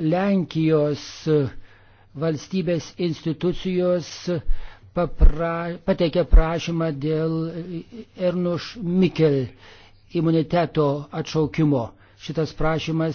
Lenkijos valstybės institucijos papra, pateikė prašymą dėl Ernuš Mikel imuniteto atšaukimo. Šitas prašymas